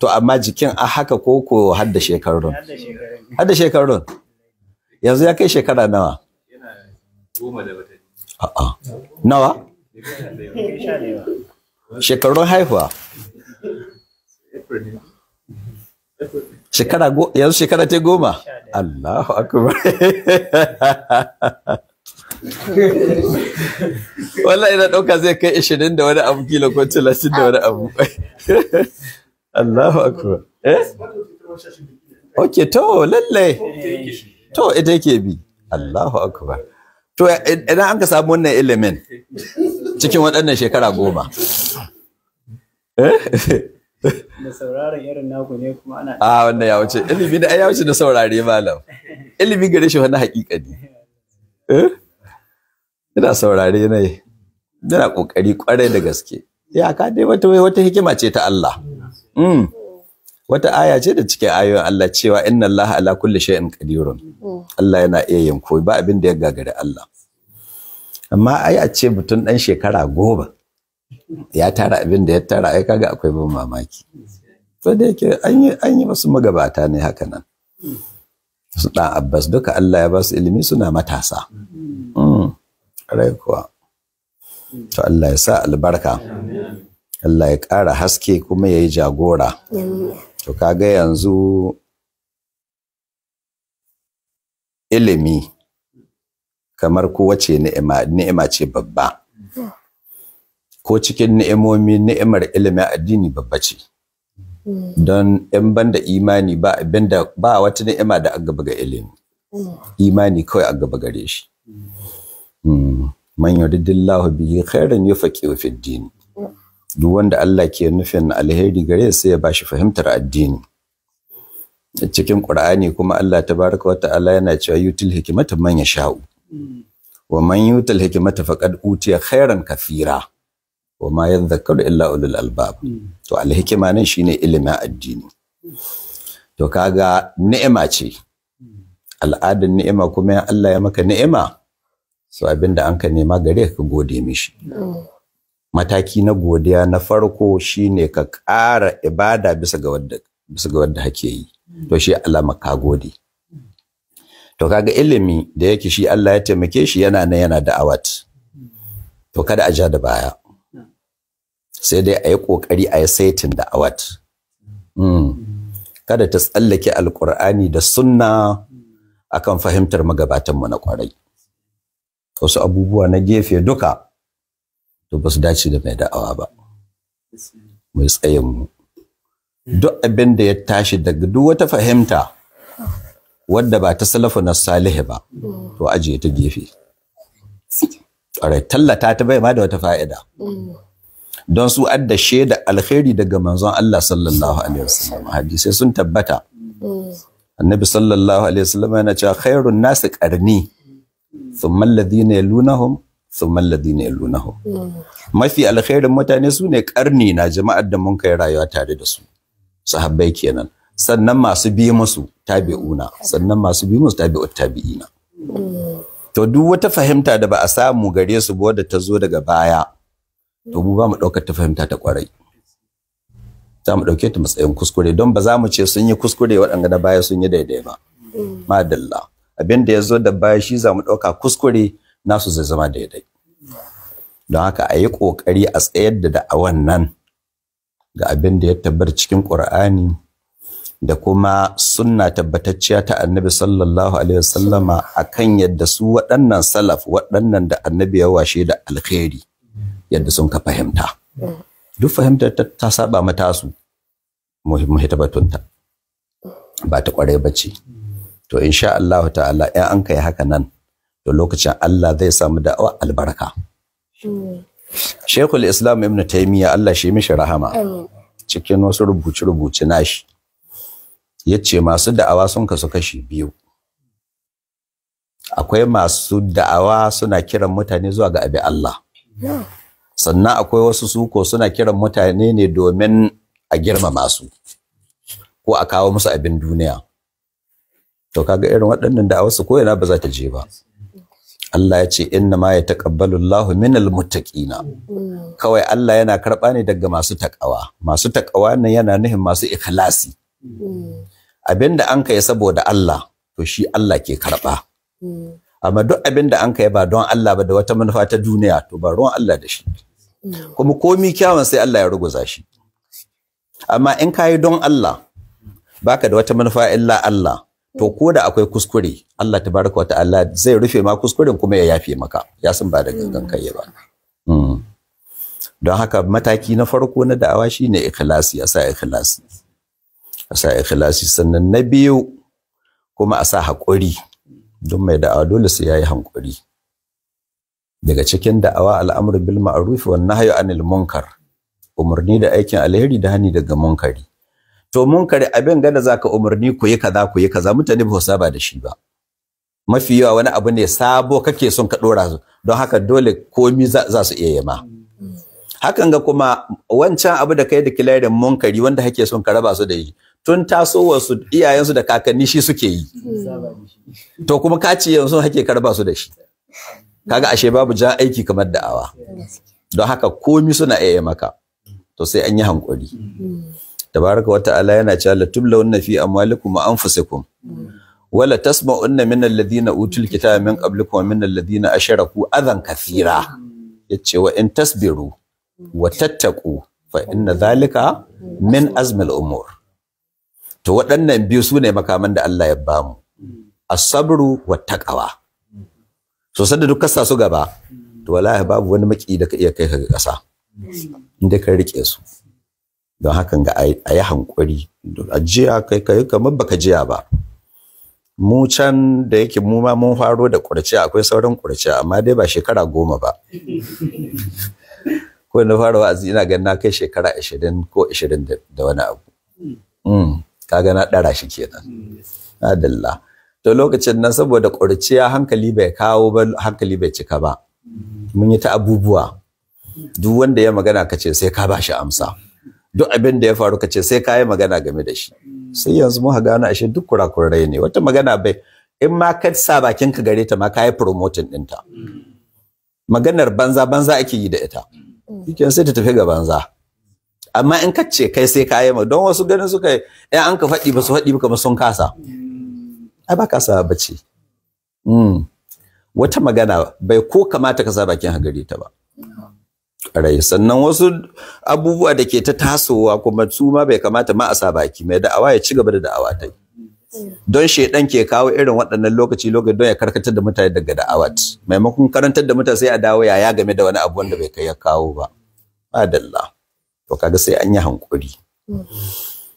to amma jikin a haka ko ko har da shekarun har da shekarun yanzu ya kai shekara nawa nawa shekarun haihuwa shekara go yanzu shekara ta goma Allahu akbar wallahi ina dauka zai kai 20 da wani abu kila ko 30 da wani abu Allahu akbar. Eh? Okay, to lalle. To ita yake bi. Allahu akbar. To idan an ka samu wannan ilimin cikin waɗannan shekara goma. Na eh? sauraron irin naku ne kuma ana. A ah, wannan ya wuce. Ilimi da ya wuce da saurare malam. Ilimi gare shi wani haƙiƙa ne. Eh? Ina saurare ne. Ina ƙoƙari ƙwarai da gaske. Ya ka dai wata wata hikima ce ta Allah. Mm. Mm. wata aya ce da cikin ayoyin Allah cewa inna Allah ala kulli shay'in qadirun mm. Allah yana iya yin koyi ba abin da ya gagari Allah amma ai a ce mutum dan shekara goma ya tara abin da ya tara ai kaga akwai ban mamaki to da yake an yi an yi wasu magabata ne haka nan su dan Abbas duka Allah ya ba su ilimi suna matasa mm. kuwa to Allah ya sa albarka Allah ya ƙara haske kuma ya yi jagora to kaga yanzu ilimi kamar kowace ni'ima ni'ima ce babba ko cikin ni'imomi ni'imar ilimin addini babba ce don in ban da imani ba da ba wata ni'ima da agaba ga ilimi imani kawai agaba gare shi hmm. man dillahu bihi khairan yufaqihu fid din duk wanda Allah ke nufin alheri gare sai ya bashi fahimtar addini cikin Qur'ani kuma Allah tabaraka wa ta'ala yana cewa yutil hikmata man yasha'u wa man yutil hikmata faqad utiya khairan kathira wa ma yadhakkaru illa ulul albab to alhikima nan shine ilimin addini to kaga ni'ima ce al'adar ni'ima kuma Allah ya maka ni'ima so abinda an ka nema gare ka gode mishi mm. mataki na godiya na farko shine ka ƙara ibada bisa ga wadda bisa ga wadda hake yi mm. to shi alama ka gode to kaga ilimi da yake shi Allah ya taimake shi yana nan yana da awat to kada a ja da baya sai dai ayi yi kokari a saitin da awat mm. kada ta tsallake alkur'ani da sunna akan fahimtar mu na kwarai wasu abubuwa na gefe duka to ba su dace da mai da'awa ba mai tsayin mu duk abin da ya tashi daga duk wata fahimta wadda ba ta salafu na Salihu ba to ajiye ta gefe tallata ta bai ma da wata fa'ida don su adda shaida alkhairi daga manzon Allah sallallahu alaihi wasallam hadisi sun tabbata annabi sallallahu alaihi wasallam yana cewa khairun nasi qarni thumma alladhina yalunahum summan ladina lunahu. Hmm. mafi alkhairin mutane su ne karni na jama'ar da mun kai rayuwa tare da su sahabbai kenan sannan masu bi musu tabi'una sannan masu bi musu tabi'ut tabi'ina hmm. to duk wata fahimta da ba a samu gare su ba ta zo daga baya to mu ba mu ɗaukar ta fahimta ta kwarai za mu ɗauke ta matsayin kuskure don ba za mu ce sun yi kuskure waɗanda na baya sun yi daidai ba hmm. madalla abin da ya zo da baya shi za mu ɗauka kuskure nasu zai zama daidai don haka a yi ƙoƙari a tsayar da da'awan nan ga abin da ya tabbata cikin ƙur'ani da kuma sunna tabbatacciya ta annabi sallallahu alaihi wasallama akan yadda su waɗannan salaf waɗannan da annabi ya washe da alkhairi yadda sun ka fahimta duk fahimtar ta saba mata su muhitabatunta ba ta kwarai ba ce to insha Allah ta'ala in an kai haka nan da lokacin Allah zai samu da'awa albarka Shekul Islam Ibn Taymiyyah Allah shi mishi rahama cikin wasu rubuce-rubuce nashi Ya ce masu da'awa sun kasu kashi biyu akwai masu da'awa suna kiran mutane zuwa ga abi Allah sannan akwai wasu suko suna kiran mutane ne domin a girmama su ko a kawo musu abin duniya to kaga irin waɗannan da'awarsu ko ina ba za ta je ba Allah ya ce inna ma ya taqabbalu Allahu minal muttaqina kawai Allah yana karba ne daga masu takawa masu takawa nan yana nuhin masu ikhlasi abinda an kai saboda Allah to shi Allah ke karba amma duk abinda an kai ba don Allah ba da wata manufa ta duniya to ba ruwan Allah da shi kuma komi kyawun sai Allah ya ruguza shi amma in kayi don Allah baka da wata manufa illa Allah to ko da akwai kuskure Allah ta baraka wa ta'ala zai rufe ma kuskuren kuma ya yafe maka ya san ba da gangan kai ba hmm. don haka mataki na farko na da'awa shine ikhlasi a sa ikhlasi a sa ikhlasi sannan na biyu kuma a sa haƙuri don mai da'awa dole sai ya yi haƙuri daga cikin da'awa al'amru bil ma'ruf wa nahyu anil munkar umarni da aikin alheri da hani daga munkari to mun munkari abin gada ka umarni ku yi kaza ku yi kaza mutane ba saba da shi ba mafi yawa wani abu ne sabo kake son ka dora su don haka dole komi za su iya yama hakan ga kuma wancan abu da kai da kilarin munkari wanda kake son ka raba su da yi tun tasowar su iyayensu da kakanni shi suke yi to kuma ka ci yanzu hake ka raba su da shi kaga ashe babu jan aiki kamar da'awa don haka komi suna iya maka to sai an yi hankuri tabaraka wa ta'ala yana cewa la tublawunna fi amwalikum wa anfusikum wala tasma'unna min alladhina utul kitaba min qablikum wa min alladhina asharaku adhan kathira yace wa in tasbiru wa tattaqu fa inna dhalika min azmil umur to waɗannan biyu sune makaman da Allah ya bamu as-sabru wa taqwa so duk kasa su gaba to wallahi babu wani maki da ka iya kai ka ga kasa inda ka rike su don hakan ga a yi hankuri a kai kai kamar baka jiya ba mu can da yake mu ma mun faro da kurciya akwai sauran kurciya amma dai ba shekara goma ba ko na fara wa'azi ina ganin na kai shekara 20 ko 20 da wani abu mm, Ka na ɗara shi kenan adalla to lokacin nan saboda kurciya hankali bai kawo ba hankali bai cika ba mun yi ta abubuwa duk wanda ya magana ka ce sai ka ba shi amsa duk abin da ya faru ka ce sai ka yi magana game da shi sai yanzu mun gane ashe duk kurakurai ne wata magana bai in ma ka sa bakin ka gare ta ma ka yi promoting ta. maganar banza banza ake yi da ita kike sai ta tafi ga banza amma in ka ce kai sai ka yi don wasu ganin suka yi an ka faɗi ba su faɗi ba sun kasa ai ba kasa bace hmm. wata magana bai ko kamata ka sa bakin ka gare ta ba rai sannan wasu abubuwa da ke ta tasowa kuma su ma bai kamata ma a sa baki mai da'awa ya ci gaba da da'awa ta don shaidan ke kawo irin waɗannan lokaci lokaci don ya karkatar da mutane daga da'awa maimakon karantar da mutane sai a dawo yaya game da wani abu wanda bai kai ya kawo ba Ba adalla to kaga sai an yi hankuri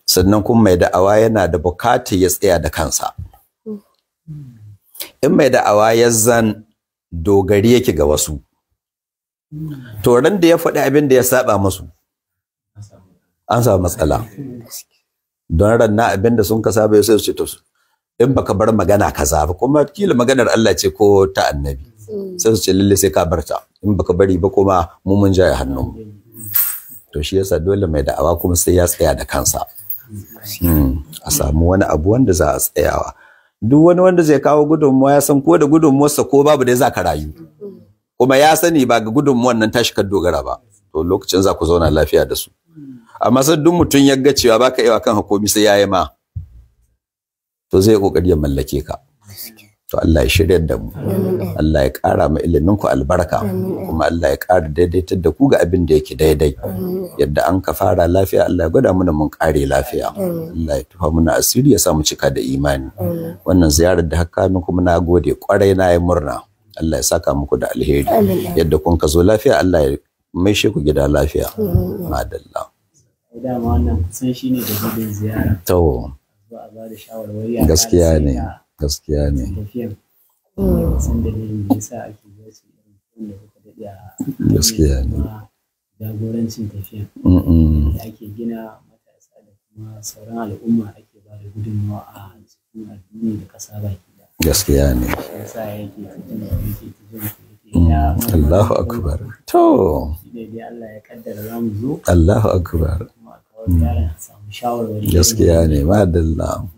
sannan kuma mai da'awa yana da bukata ya tsaya da kansa in mai da'awa ya zan dogari yake ga wasu to ran da ya faɗi abin da ya saba musu an samu matsala don ran na abin da sun ka saba sai su ce to in baka bar magana kaza ba kuma kila maganar Allah ce ko ta annabi sai su ce lalle sai ka barta in baka bari ba kuma mu mun jaye hannu? to shi yasa dole mai da'awa kuma sai ya tsaya da kansa hmm, a samu wani abu wanda za a tsayawa duk wani wanda zai kawo gudunmuwa ya san ko da gudunmuwarsa ko babu da ya za ka rayu kuma ya sani ba ga gudun wannan tashi kan dogara ba to lokacin za ku zauna lafiya da su amma sai duk mutum ya ga cewa baka yawa kan hukumi sai yayi ma to zai kokari ya mallake ka to Allah ya shirya da mu Allah ya ƙara ma ilimin ku albarka kuma Allah ya ƙara daidaitar da ku ga abin da yake daidai yadda an ka fara lafiya Allah ya gwada mana mun ƙare lafiya Allah ya tufa mana asiri ya sa mu cika da imani wannan ziyarar da haka kuma na gode kwarai na yi murna Allah ya saka muku da alheri yadda kun ka zo lafiya Allah ya maishe ku gida lafiya madalla dama wannan kusan shine dalilin ziyara to gaskiya ne mm. gaskiya ne gaskiya ne jagorancin tafiya da ake gina matasa da kuma sauran al'umma ake ba da gudunmawa a cikin addini da ƙasa baki gaskiya ne mm, Allahu akbar to Allahu akbar mm. gaskiya ne ma dalla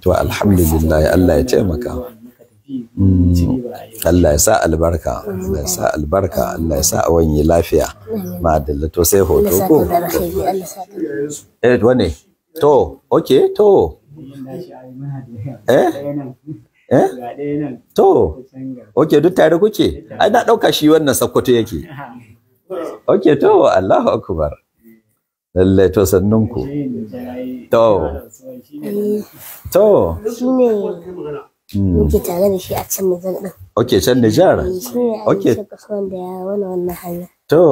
to alhamdulillah Allah ya taimaka mm, Allah ya sa albarka Allah ya sa albarka Allah ya sa awon yi lafiya ma dalla to sai hoto ko eh wane to okay to eh eh to okay duk tare kuke ai na dauka shi wannan sakkwato yake Oke, to Allahu akubar. lallai to sannunku to to shine hmm. muke tare da shi a can Nijar ɗin. Oke, can Nijar okay wanda ya wani wannan hanya to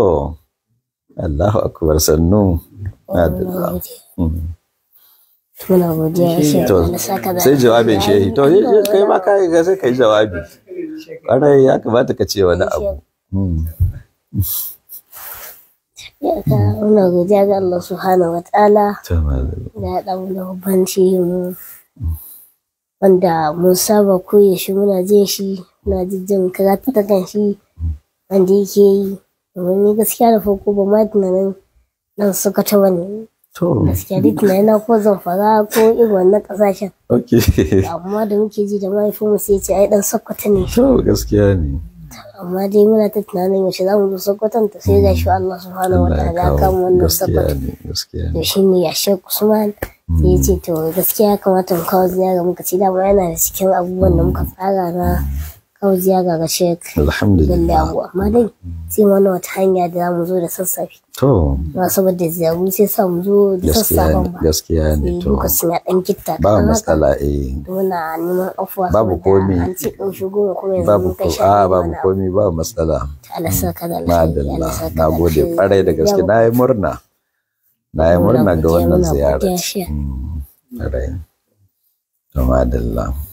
Allahu akubar sannu Adallah. Muna godiya shi sai jawabin shehi. To eh, kai ma kai ga sai kai jawabi. Ƙwarai ya kamata ka ce wani abu. Hmm. Muna godiya ga Allah wa ta'ala. ya babban Wanda mun saba koya shi muna jin shi muna jijjin kan shi wanda yake yi. Domin ni gaskiya da farko ba ma tunanin nan suka ta wani To. Gaskiya duk na yana ko zamfara ko irin wannan ƙasashen. Ok. Amma da muke ji da mahaifinmu sai ce ai dan Sokoto ne. To gaskiya ne. Amma dai muna ta tunanin yaushe za mu zo Sokoton ta sai gashi Allah subhanahu wa ta'ala ya kama wannan Sokoto. Gaskiya ne. To shine ya Usman. Sai ya ce to gaskiya kamata mu kawo ziyara muka ci. dama yana da cikin abubuwan da muka tsara na Fauziya ga Sheik. Alhamdulillah. Amma dai sai wani wata hanya da zamu zo da sassafe. To. Na saboda ziyaru sai sa mu zo da sassafe Gaskiya ne to. Lokacin ya dan kitta. Ba matsala eh. Muna neman afuwa. Babu komai An ce dan shigo kuma yanzu babu ko a ah, babu komai ba matsala. Allah saka da lafiya. Madalla. Nagode kwarai da gaske nayi murna. nayi murna ga wannan ziyara. Mm, to Alhamdulillah.